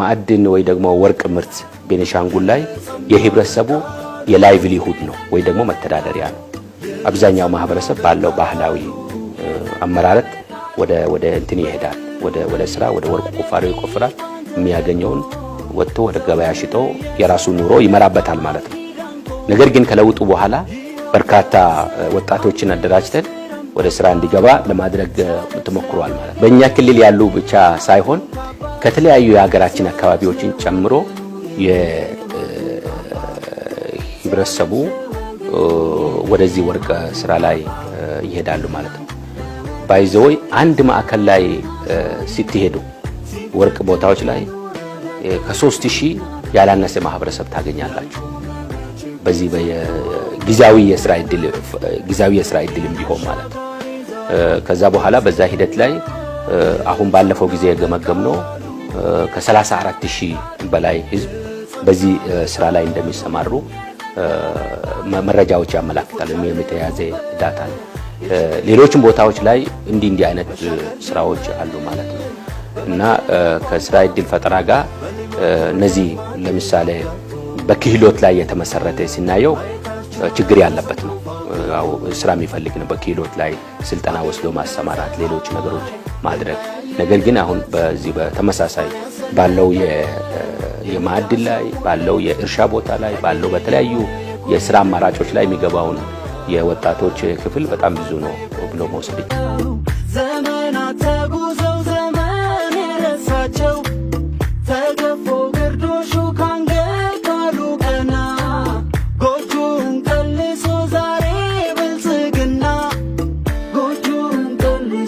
ማዕድን ወይ ደግሞ ወርቅ ምርት ቤኒሻንጉል ላይ የህብረተሰቡ የላይቭሊሁድ ነው ወይ ደግሞ መተዳደሪያ ነው። አብዛኛው ማህበረሰብ ባለው ባህላዊ አመራረት ወደ ወደ እንትን ይሄዳል፣ ወደ ወደ ስራ ወደ ወርቁ ቁፋሮ ይቆፍራል። የሚያገኘውን ወጥቶ ወደ ገበያ ሽጦ የራሱ ኑሮ ይመራበታል ማለት ነው። ነገር ግን ከለውጡ በኋላ በርካታ ወጣቶችን አደራጅተን ወደ ስራ እንዲገባ ለማድረግ ተሞክሯል ማለት ነው። በእኛ ክልል ያሉ ብቻ ሳይሆን ከተለያዩ የሀገራችን አካባቢዎችን ጨምሮ የህብረተሰቡ ወደዚህ ወርቅ ስራ ላይ ይሄዳሉ ማለት ነው። ባይዘወይ አንድ ማዕከል ላይ ስትሄዱ ወርቅ ቦታዎች ላይ ከሶስት ሺህ ያላነሰ ማህበረሰብ ታገኛላችሁ። በዚህ ጊዜያዊ የስራ እድልም ቢሆን ማለት ነው። ከዛ በኋላ በዛ ሂደት ላይ አሁን ባለፈው ጊዜ የገመገምነው ከ34 ሺህ በላይ ህዝብ በዚህ ስራ ላይ እንደሚሰማሩ መረጃዎች ያመላክታል። የተያዘ ዳታ ነው። ሌሎችም ቦታዎች ላይ እንዲህ እንዲህ አይነት ስራዎች አሉ ማለት ነው እና ከስራ እድል ፈጠራ ጋር እነዚህ ለምሳሌ በክህሎት ላይ የተመሰረተ ሲናየው ችግር ያለበት ነው። ስራ ነው። ክህሎት ላይ ስልጠና ወስዶ ማሰማራት፣ ሌሎች ነገሮች ማድረግ ነገር ግን አሁን በዚህ በተመሳሳይ ባለው የማዕድን ላይ ባለው የእርሻ ቦታ ላይ ባለው በተለያዩ የስራ አማራጮች ላይ የሚገባውን የወጣቶች ክፍል በጣም ብዙ ነው ብሎ መውሰድ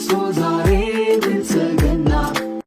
so are.